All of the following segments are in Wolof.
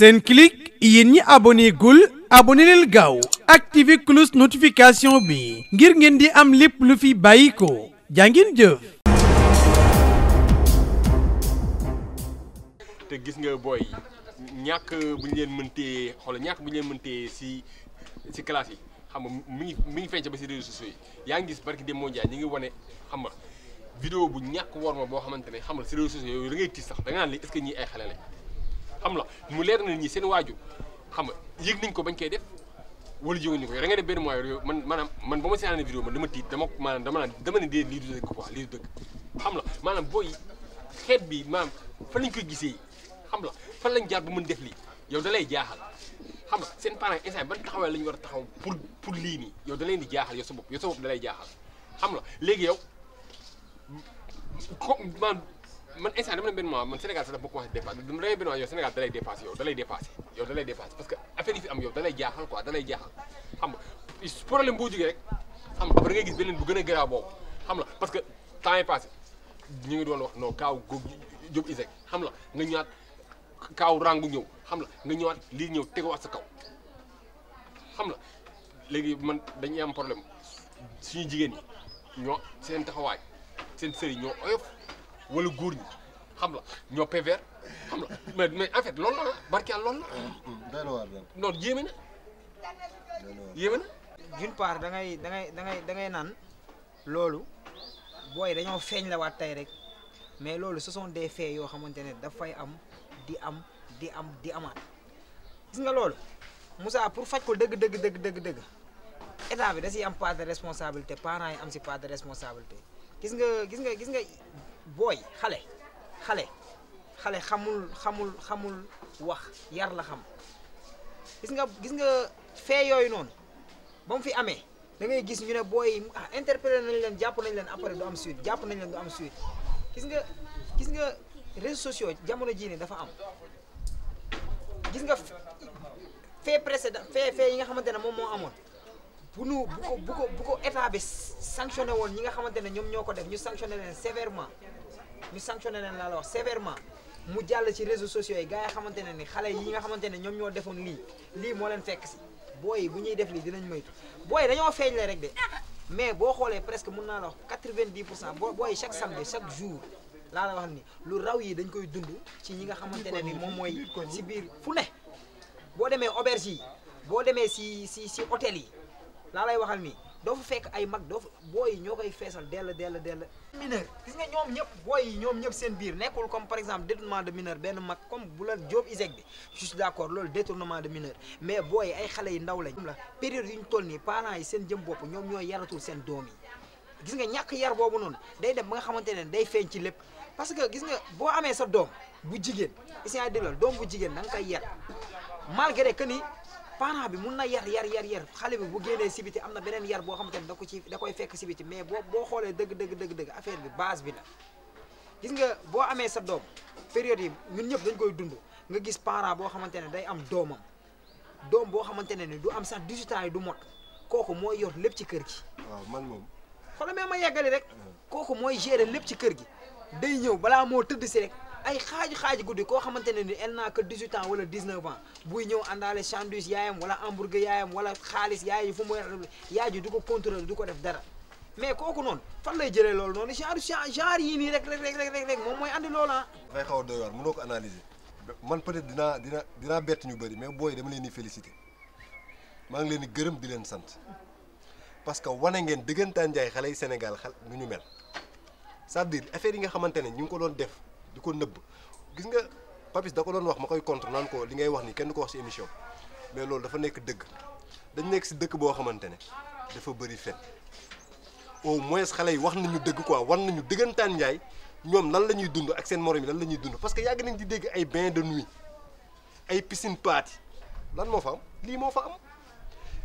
Senclic yéen ñi abonné gul abonné leen gaaw activé cloche notification bi ngir ngeen di am lépp lu fi bàyyi ko jàngin jëf. te gis nga booy ñàkk bu ñu leen mëntee xool ñàkk bu ñu leen mëntee si si classe yi xam nga mi ngi mi ngi feeñ ba si réseaux ngi gis xam nga vidéo bu ñàkk worma boo xamante ne xam nga si réseaux sociaux yooyu da ngay tiis sax da ay xale xam la mu leer na ñi seen waajur xam nga yëg nañ ko bañ koy def wala yëguñu ko yow da nga def benn mois yow man maanaam man ba ma seetaanee vidéo man dama tiit dama maanaam dama naan dama ne dee lii du dëgg quoi lii du dëgg xam la maanaam booy xeet bi maanaam fan lañ koy gisee xam la fan lañ jaar ba mën def lii yow da lay jaaxal xam la seen parents instant ban taxawaay la ñu war a taxaw pour pour lii nii yow da leen di jaaxal yow sa bopp yow sa bopp da lay jaaxal xam la léegi yow comme maanaam man instant dama ne benn moment man Sénégal sax dafa ko benn moment yow Sénégal dalay dépassé yow dalay dépassé parce que affaire yi fi am yow dalay jaaxal quoi dalay jaaxal problème boo jógee rek xam nga après da gis beneen bu gën a garaaw boobu la parce que temps est passé ñu ngi doon wax non kaaw góob Jóob Isaac xam la nga ñëwaat kaaw rangu ñëw xam la nga ñëwaat lii ñëw teg tegawaat sa kaw xam la léegi man dañuy am problème suñu jigéen ñi ñoo seen taxawaay seen sëriñ ñoo wala góor ñi xam la ñoo pervers xam la mais mais en fait loolu la ah, barki yàlla loolu la. yéeme na. d'une part da ngay da ngay da ngay da ngay naan loolu booy dañoo feeñ la waat tey rek mais loolu ce sont des faits yoo xamante ne dafay am di am di am di amaat gis nga loolu Moussa pour faj ko dëgg dëgg dëgg dëgg dëgg état bi da am part de responsabilité parents yi am si part de responsabilité gis nga gis nga gis nga booy xale xale xale xamul xamul xamul wax yar la xam gis nga gis nga fee yooyu noonu ba mu fi amee da ngay gis ñu ne booy ah interpellé nañ leen jàpp nañ leen après du am suite jàpp nañ leen du am suite gis nga gis nga réseaux sociaux jamono jii ne dafa am gis nga fee précédent fee fee yi nga xamante ne moom moo amoon bu nu bu ko bu ko bu ko état bi sanctionné woon ñi nga xamante ne ñoom ñoo ko def ñu sanctionné leen sévèrement ñu sanctionné leen laa la wax sévèrement mu jàll ci réseaux sociaux yi gars yi xamante ne ni xale yi nga xamante ne ñoom ñoo defoon lii lii moo leen fekk si booy bu ñuy def lii dinañ moytu booy dañoo feeñ feeñle rek de mais boo xoolee presque mun naa la wax quatre-vingt-dix pour cent booy chaque samedi chaque jour laa la wax ni lu raw yi dañ koy dund ci ñi nga xamante ne ni moom mooy si biir fu ne boo demee obergie yi boo demee si si si hôtel yi laa lay waxal nii doo fa fekk ay mag doo fa booy yi ñoo koy feesal dell dell dell. mineur gis nga ñoom ñëpp booy yi ñoom ñëpp seen biir nekkul comme par exemple détournement de mineur benn mag comme bu la Diop ISEG bi je suis d'accord loolu détournement de mineur mais booy yi ay xale yu ndaw lañ. la période yu ñu toll nii parents yi seen jëm bopp ñoom ñoo yaratul seen doom yi gis nga ñàkk yar boobu noonu day dem ba nga xamante ne day feeñ ci lépp parce que gis nga boo amee sa doom bu jigéen is naa déglu jigéen da nga yar malgré parent bi mun na yar yar yar yar xale bi bu génnee sibiti am na beneen yar boo xamante ne da ko ci da koy fekk sibiti mais boo boo xoolee dëgg dëgg dëgg dëgg affaire bi base bi la gis nga boo amee sa doom période yi ñun ñëpp dañ koy dund nga gis parent boo xamante ne day am doomam doom boo xamante ne ni du am sax 18 yi du mot kooku mooy yor lépp ci kër gi. waaw man moom. xoolal ma yeggali rek. Euh. kooku mooy gérer lépp ci kër gi. day ñëw balaa moo tëdd si rek. ay xaaj xaaj guddi koo xamante ne ni elle n'a que 18 ans wala 19 ans buy ñëw àndaale sandwich yaayam wala hamburger yaayam wala xaalis yaay yu fu mu yaay ju du ko contrôler du ko def dara mais kooku noonu fan lay jëlee loolu noonu genre genre yii nii rek rek rek rek rek moom mooy andi loola. Ah. dafay xaw a doy waar mënoo ko analyser man peut-être dinaa dina dinaa bett ñu bëri mais booy dama leen di féliciter maa ngi leen di gërëm di leen sant parce que wane ngeen dëggantaan jaay xale Sénégal xal nu ñu mel c'est-à-dire yi nga xamante ne ñu ngi ko doon def. di ko nëbb gis nga Papis da ko doon wax ma koy contre naan ko li ngay wax ni kenn ko wax ci émission mais loolu dafa nekk dëgg dañ nekk si dëkk boo xamante ne dafa bëri fen au moins xale yi wax nañu dëgg quoi war nañu dëggantaan njaay ñoom lan la ñuy dund ak seen morom yi lan la ñuy dund parce que yàgg nañ di dégg ay bain de nuit ay piscine party lan moo fa am lii moo fa am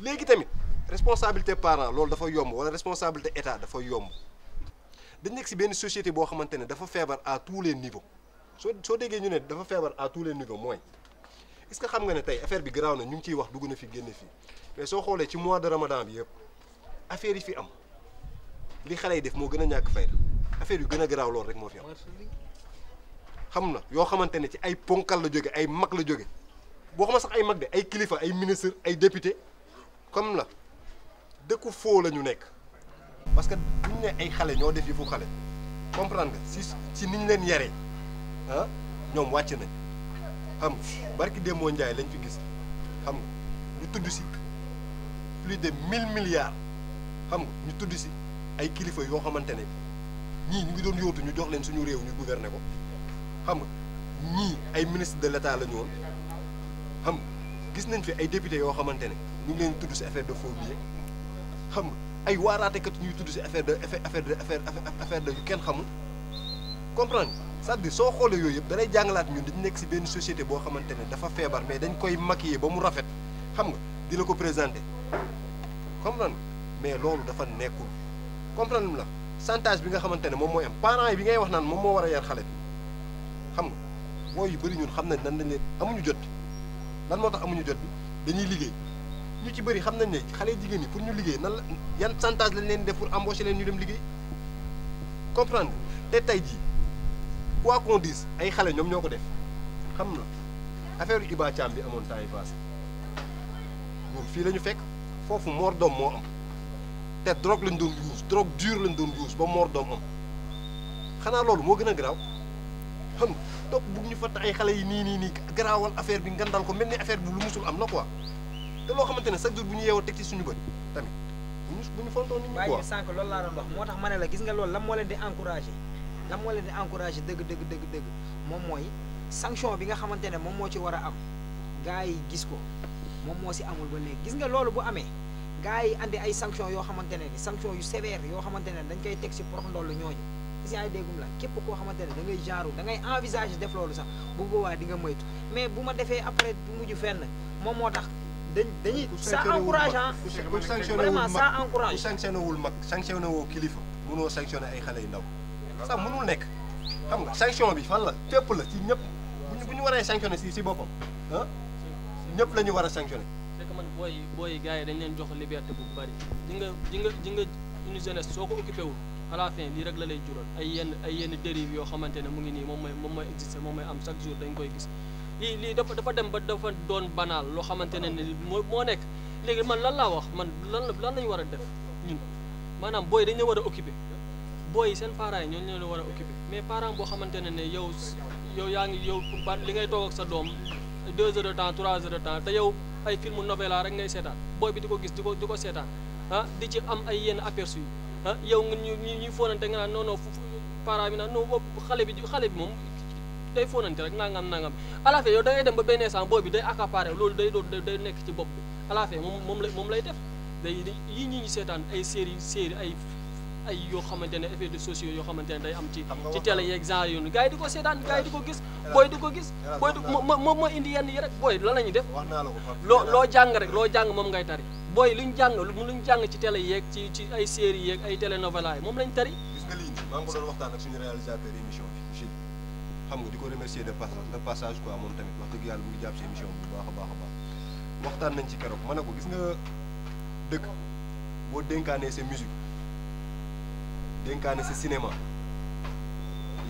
léegi tamit responsabilité parent loolu dafa yomb wala responsabilité état dafa yomb dañ nekk si benn société boo xamante ne dafa feebar à tous les niveaux soo soo déggee ñu ne dafa feebar à tous les niveaux mooy est-ce que xam nga ne tey affaire bi garaaw na ñu ngi ciy wax dugg na fi génn fii mais soo xoolee ci mois de ramadan bi yëpp affaire yi fi am li xale yi def moo gën a ñàkk fayda affaire yu gën a garaaw loolu rek moo fi am xam na yoo xamante ne ci ay ponkal la jóge ay mag la jóge boo xama sax ay mag de ay kilifa ay ministre ay député comme la dëkku foo la ñu nekk parce que duñ ne ay xale ñoo def yëfu xale comprendre nga si si niñ leen yaree ah ñoom wàcc nañ xam nga barki Demba Ndiaye lañ fi gis xam nga ñu tudd si plus de mille milliards xam nga ñu tudd si ay kilifa yoo xamante ne ñii ñu ngi doon yóotu ñu jox leen suñu réew ñu gouverner ko xam nga ñii ay ministre de l'état la woon xam gis nañ fi ay député yoo xamante ne ñu ngi leen tudd si affaire de faux yi xam nga. ay waaraatekat ñuy tudd si affaire de affaire de affaire affaire de yu kenn xamul comprendre cest à soo xoolee yooyu yëpp danay jàngalaat ñun dañu nekk si benn société boo xamante ne dafa feebar mais dañ koy yi ba mu rafet xam nga di la ko présenter comprendre mais loolu dafa nekkul comprendre mu la santage bi nga xamante ne moom mooy am parents yi bi ngay wax naan moom moo war a yar xale bi xam nga wooyu yu bëri ñun xam nañ nan lañ leen amuñu jot lan moo tax amuñu jot bi dañuy liggéey. ñu ci bëri xam nañ ne xale jigéen ñi pour ñu liggéey nan la yan chantage lañ leen def pour embaucher leen ñu dem liggéey comprendre te tey jii quoi qu'on ay xale ñoom ñoo ko def xam na affaire yu Iba bi amoon temps yi passé fii la fekk foofu moor doom moo am te drogue lañ doon use drogue dure lañ doon use ba moor doom am xanaa loolu moo gën a garaaw xam nga bug ñu fatt ay xale yi nii nii nii garaawal affaire bi ngandal ko mel ni affaire bi lu am la quoi te loo xamante ne chaque bu ñu yeewoo teg ci suñu bët tamit bu ñu bu sànq loolu laa doon moo tax ma ne la gis nga loolu lan moo leen di encouragé lan moo dëgg dëgg dëgg dëgg moom mooy sanction bi nga xamante ne moom moo ci war a am gars yi gis ko moom moo si amul ba léegi gis nga loolu bu amee gars yi andi ay sanction yoo xamante ne sanction yu sévère yoo xamante ne dañ koy teg si porox ndollu ñooñu gis nga ay déggum la képp koo xamante ne da ngay genre da ngay envisager def loolu sax bu boobaa di nga moytu mais bu ma defee après du mujj fenn moom moo tax dañ dañuy ça encourage vraiment ça encourage ku sanctionné wul mag sanctionné woo kilifa mënoo sanctionné ay xale yu ndaw sax mënul nekk xam nga sanction bi fan la fépp la ci ñëpp buñu bu ñu waree sanctionné si si boppam ah ñëpp la ñu war a sanctionné c'est que man booy booy gars yi dañ leen jox liberté bu bari di nga di nga di nga une jeunesse soo ko occupé wul à la fin lii rek la lay jural ay yenn ay yenn dérive yoo xamante ne mu ngi nii moom mooy moom mooy existé moom mooy am chaque jour dañ koy gis lii lii dafa dafa dem ba dafa doon banaal loo xamante ne ni moo moo nekk léegi man lan laa wax man lan lan lañu war a def ñun maanaam booy dañu war a occupé booy seen parents yi ñooñu la war a occupé mais parent boo xamante ne ne yow yow yaa ngi yow li ngay toog ak sa doom deux heures de temps trois heures de temps te yow ay filmu novela rek ngay seetaan booy bi di ko gis di ko di ko seetaan ah di ci am ay yenn aperçu ah yow nga ñu ñu ñu fóonante nga naan non non parent bi naan non xale bi xale bi moom. day fóonante rek nangam nangam à la fin yow da dem ba benn instant boobu day accaparé loolu day doon day nekk ci bopp bi à la fin moom lay def day yi ñi ñu seetaan ay série série ay ay yoo xamante ne effet de yoo xamante ne day am ci ci télé yeeg genre yoonu gars yi di ko di ko gis booy di ko gis booy di ma moom ma indi yenn yi rek booy lan la ñuy def loo loo jàng rek loo jàng moom ngay tari booy luñ jàng luñ jàng ci télé yeeg ci ci ay série yeeg ay télénovela yi moom lañ tari gis nga lii maa ngi ko doon émission xam nga di ko remercier de passage de passage quoi moom tamit a waxtaan nañ ci keroog ma na ko gis nga dëkk boo dénkaanee sa musique dénkaane sa cinéma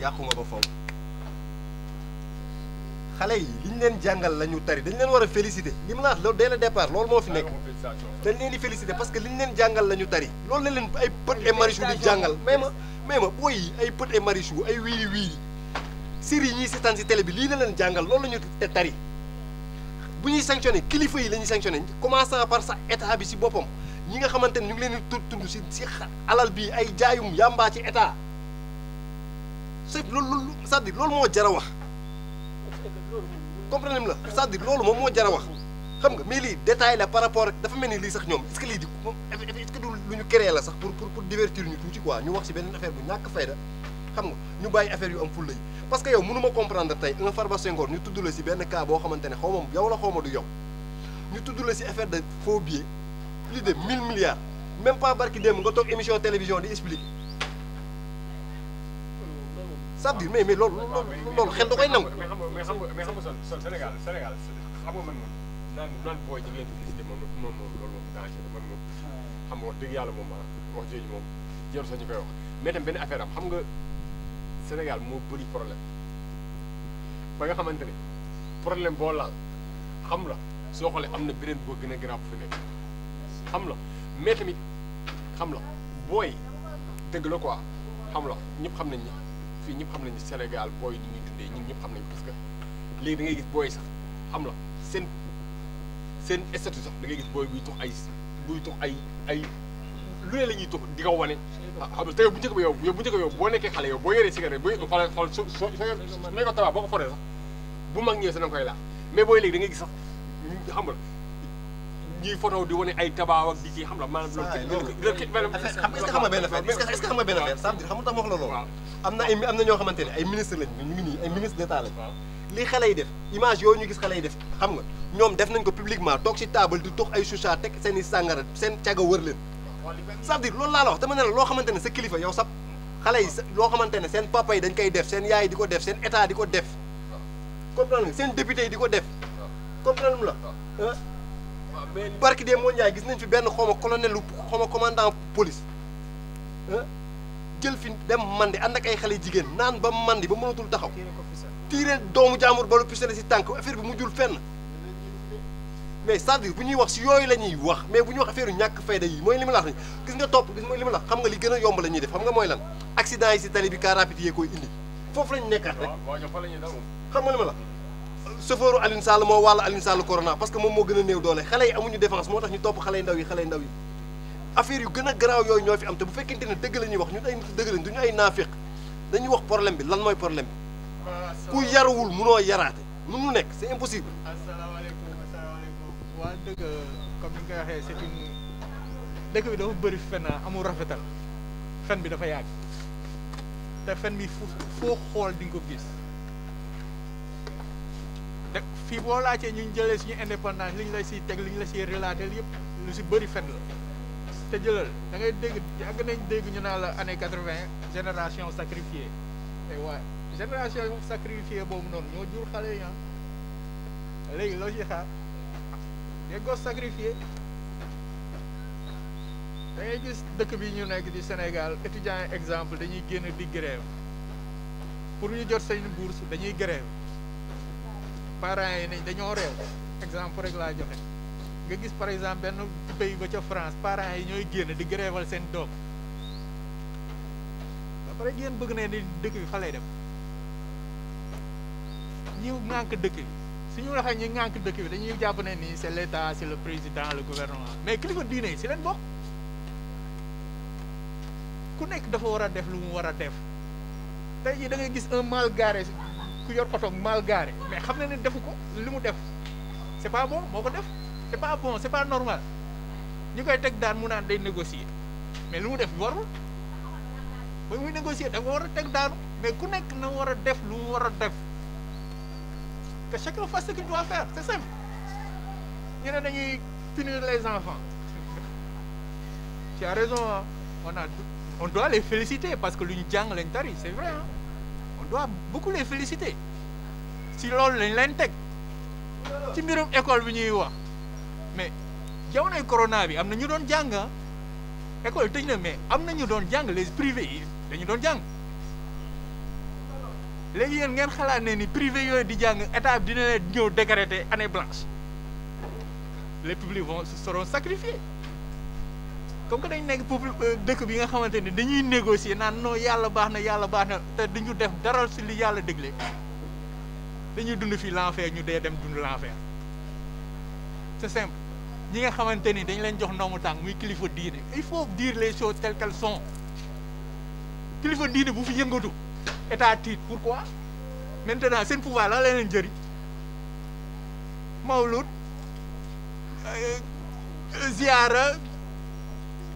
yàqu nga ba faw xale yi li ñu leen jàngal la tari dañ leen war a féliciter li ma la wax loolu dès le départ loolu moo fi nekk dañ leen di féliciter parce que li ñu leen jàngal la ñu tari loolu la leen ay Pod et jàngal mais ma mais ma booy ay Pod et Marichou ay wiiri wiiri série yi ñuy seetaan si télé bi lii la leen jàngal loolu la te tari bu ñuy sanctionné kilifa yi lañuy ñuy sanctionné commençant par sa état bi si boppam ñi nga xamante ne ñu ngi leen di tund si si alal bi ay jaayum yàmbaa ci état c'est loolu loolu cest loolu moo jar a wax comprendre la cest à loolu moom moo jar a wax xam nga mais lii détail la par rapport dafa mel ni lii sax ñoom est di moom lu ñu créé la sax pour pour pour divertir ñu tuuti quoi ñu wax si benn affaire bu ñàkk fayda xam nga ñu bàyyi affaire yu am fulla yi parce que yow mënu ma comprendre tey un Farba Senghor ñu tudd la si benn cas boo xamante ne xaw ma tudd la si affaire de faux billets plus de 1000 milliards même pas barki démb nga émission télévision di expliquer ça veut dire mais loolu loolu loolu xel da koy nangu. mais xam nga mais xam nga mais xam nga son Sénégal Sénégal xam nga man naan naan booy ñu ngi leen moom moom moom wax dëgg yàlla moom ah wax jooju moom jarul sax ñu koy wax mais tam benn affaire am xam nga. Sénégal moo bëri problème ba nga xamante ne problème boo laal xam la soo xoolee am na beneen boo gën a garaaw fi nekk xam la mais tamit xam la booy dëgg la quoi xam la ñëpp xam nañ ni fii ñëpp xam nañ ni Sénégal booy yi ñuy dundee ñun ñëpp xam nañ parce que léegi da ngay gis booy sax xam la seen seen statut sax da ngay gis booy buy tox ay buy tox ay ay. lu ne la ñuy tux di ko wane ah, xam te yow bu njëkk ba yow yow bu njëkk ba yow boo nekkee xale yow boo yoree cigarette boo xoolal xool su su su ko tabax boo ko foree sax bu mag ñëwee sa na koy laal mais booy léegi da ngay gis sax xam nga ñuy photo di wane ay tabax ak di kii xam la maanaam loolu xam nga benn affaire est-ce que xam nga benn affaire ça veut dire xam nga tax wax la loolu am na ay am na ñoo xamante ne ay ministre lañ ñu ngi nii ay ministre d'état lañ li xale yi def image yooyu ñu gis xale yi def xam nga ñoom def nañ ko publiquement toog si table di tux ay choucha teg seen i sàngara seen caga wër leen c'est-à-dire loolu laa la wax dama ne la loo xamante ne sa kilifa yow sab xale yi loo xamante ne seen papa yi dañ koy def seen yaay yi di ko def seen état di ko def comprendre nga seen député yi di ko def comprendre la barki des moo Ndiaye gis nañ fi benn xawma colonel lu xawma commandant police jël fi dem man mandi ànd ak ay xale jigéen naan ba man di ba mënatul taxaw tiire doomu jaamur balu pistolet si tànk affaire bi mu jul fenn mais c'est-à-dire bu ñuy wax si yooyu la ñuy wax mais bu ñuy wax affaire ñàkk fayda yi mooy li ma gis nga topp gis mooy li ma a yomb la def xam nga mooy lan accident yi moo wàll Alioune Sall corona moom moo gën a néew doole xale yi amuñu défense moo tax ñu topp xale ndaw yi xale ndaw yi affaire yu gën a garaaw yooyu ñoo fi am te bu fekkente ne dëgg la wax ñun ay dëgg lañ duñu ay naafiq dañuy wax problème bi lan mooy problème bi ku yarawul munoo yaraate munu nekk c'est waa dëgg comme ni nga waxee c'est une dëkk bi dafa bëri fen amul rafetal fen bi dafa yàgg te fen bi fu foo xool di nga ko gis te fii boo laajtee ñu jëlee suñu indépendance li ñu la si teg li ñu la si relater yëpp lu si bëri fen la te jëlal dangay dégg yàgg nañ dégg ñu naa la année quatre-vingt génération sacrifiée tey waaye génération sacrifiée boobu noonu ñoo jur xale yi ah. léegi loo ciy xaar. des gosses sacrifiés da ngay gis dëkk bi ñu nekk di Sénégal étudiants yi exemple dañuy génn di grève pour ñu jot seen bourse dañuy grève parents yi nañ dañoo réew exemple rek laa joxe nga gis par exemple benn pays ba ca France parent yi ñooy génn di gréeval seen doom ba génn bëgg na di dëkk bi fa lay dem ñu manque dëkk bi suñu waxee ñu ŋànk dëkk bi dañuy jàpp ne nii c'est l'état c'est le président le gouvernement mais kilifa diine yi si leen bokk ku nekk dafa war a def lu mu war a def tey jii da gis un mal ku yor oto mal garé mais xam na ne defu ko li mu def c'est pas bon moo ko def c'est pas bon c'est pas normal ñu koy teg daan mu naan day négocier mais lu mu def warul ba muy négocier dafa war a teg daanu mais ku nekk na war a def lu mu war a def. que chacun fasse ce qu'il doit faire c'est simple ñu ne dañuy punir les enfants tu as raison hein? on a on doit les féliciter parce que lu ñu jàng lañ tari c'est vrai hein? on doit beaucoup les féliciter si loolu lañ leen teg ci mbirum école bi ñuy wax mais jamonoy corona bi am na ñu doon jàng école tëj na mais am na ñu doon jàng les privés doon jàng. léegi yéen ngeen xalaat ne ni privé yooyu di jàng état bi dina leen ñëw décréter année blanche les publics vont seront sacrifiés comme que dañ nekk peuple dëkk bi nga xamante ni dañuy négocier naan non yàlla baax na yàlla baax na te duñu def dara si li yàlla déglee dañuy dund fii l'enfer ñu dee dem dund l'enfer c'est simple ñi nga xamante ni dañ leen jox ndoomu tànk muy kilifa diine il faut dire les choses telles qu'elles sont kilifa diine bu fi yëngatu. état tiit pourquoi maintenant seen pouvoir la leen jëriñ mawlud euh, ziara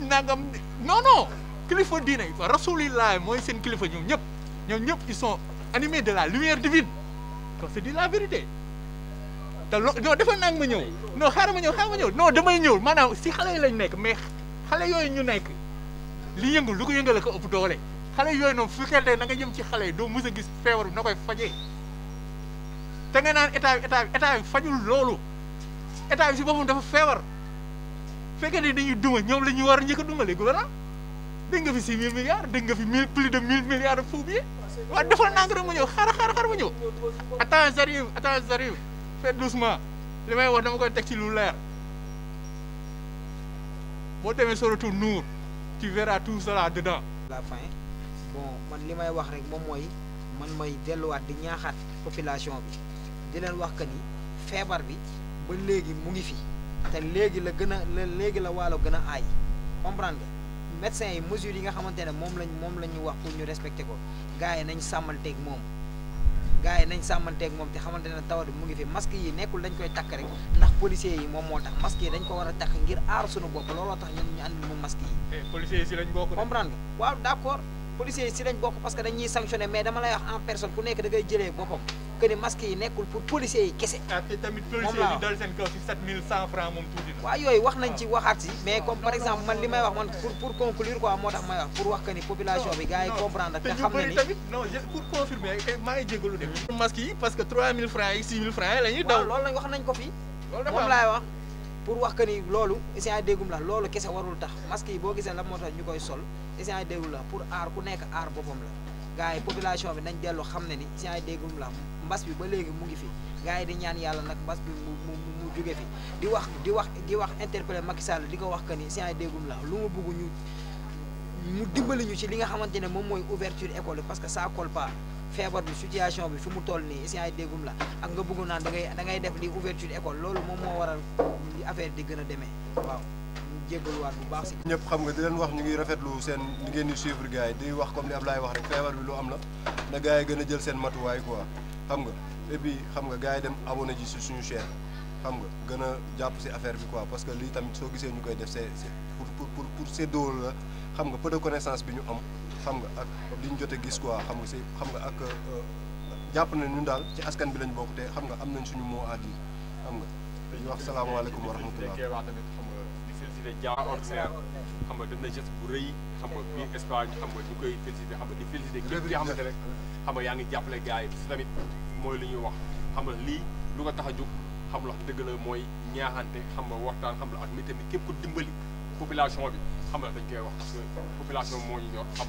nangam non non kilifa diine yi quoi mooy seen kilifa ñoom ñëpp ñoom ñëpp ils sont animés de la lumière divine kon c'est dit la vérité te lo non defal naa ma ñëw non xaaral ma ñëw xaaral ma ñëw non damay ñëw maanaam si xale yi lañ nekk mais xale yooyu ñu nekk li yëngu lu ko yëngale ko ëpp doole. xale yooyu noonu su fekkee na nga jëm ci xale yi doo mu a gis feebar bi na koy faje te nga naan état bi état bi état loolu état bi si boppam dafa feebar fekkee ne dañuy duma ñoom la ñuy war a njëkk a dumalee gouvernement dégg nga fi six mille milliards dégg nga fi mille plus de mille milliards de faux billets waaw defal naa rek ma ñëw xaar xaar xaar ma ñëw attends j'arrive attends j'arrive faites doucement li may wax dama koy teg ci lu leer boo demee sa retour Nour tu verras tout cela dedans la fin bon man li may wax rek moom mooy man may delluwaat di ñaaxaat population bi di leen wax que ni feebar bi ba léegi mu ngi fi te léegi la gën a la léegi la waalo gën a aay comprendre nga médecins yi mesures yi nga xamante ne moom lañ moom la ñu wax ku ñu respecté ko gars yi nañ sàmmanteeg moom gars yi nañ sàmmanteeg moom te xamante ne tawat bi mu ngi fi masque yi nekkul dañ koy takk rek ndax policiers yi moom moo tax masque yi dañ ko war a takk ngir aar suñu bopp looloo tax ñun ñu andi mu yi. Eh, policiers yi si lañ bokk policiers yi si lañ bokk parce que dañuy sanctionné mais dama lay wax en personne ku nekk da ngay jëlee boppam que yi nekkul pour policiers yi kese. moom ah, la te tamit wax nañ ci ah. waxaat si mais comme par exemple man li may wax man pour pour conclure quoi moo tax may wax pour wax que ni bi gars yi comprendre te xam ne ni tamit non pour confirmer maa ngi jégalu de. Mm-hmm. masques yi parce que 3000 francs yi 6000 francs yi la daw. waaw loolu pour wax que ni loolu essayant déggum la loolu kese warul tax masque yi boo gisee la moo tax ñu koy sol essayant déggum pour aar ku nekk aar boppam la gars yi population bi nañ dellu xam ne ni essayant déggum la mbas bi ba léegi mu ngi fi gaa yi di ñaan yàlla nag mbas bi mu mu mu jóge fi di wax di wax di wax interpellé Macky Sall di ko wax que ni essayant déggum la lu mu bugg ñu mu dimbali ñu ci li nga xamante ne moom mooy ouverture école parce que ça colle feebar bi situation bi fi mu toll nii si ay déggum la ak nga bëgg naan da ngay da ngay def li ouverture école loolu moom moo waral affaire di gën a deme waaw ñu jéggaluwaat bu baax si. ñëpp xam nga di leen wax ñu ngi rafetlu seen ni ngeen di suivre gars yi di wax comme li Ablaye wax rek feebar bi lu am la na gars yi gën a jël seen matuwaay quoi xam nga et bi xam nga gaa yi dem abonné ji si suñu chaîne xam nga gën a jàpp si affaire bi quoi parce que lii tamit soo gisee ñu koy def c'est pour pour pour séddoo la. xam nga peu de connaissance bi ñu am xam nga ak li ñu jot a gis quoi xam nga si xam nga ak jàpp na ñun daal ci askan bi lañu bokk te xam nga am nañ suñu moo à dire xam nga dañuy wax salaamaaleykum wa rahmatullah jaa ordinaire xam nga def na geste bu rëy xam nga biir Espagne xam nga ñu koy félicité xam nga di félicité képp ki nga xamante ne xam nga yaa ngi jàppale gars yi si tamit mooy li ñuy wax xam nga lii lu ko tax a jóg xam la wax dëgg la mooy ñaaxante xam nga waxtaan xam la ak mi tamit képp ku dimbali population bi xam nga dañ koy wax parce que moo ñu ñor xam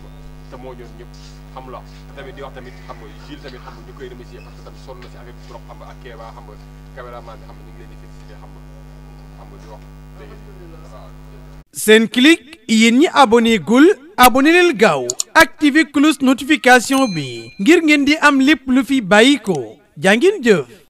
moo ñor ñëpp xam la tamit di tamit xam nga xam nga ñu koy remercier parce que tamit sonn na si affaire bi trop xam nga ak Kéba xam nga caméraman bi xam ñi abonné gul abonné leen gaaw activé cloche notification bi ngir ngeen di am lépp lu fi bàyyi ko jaa ngeen jëf.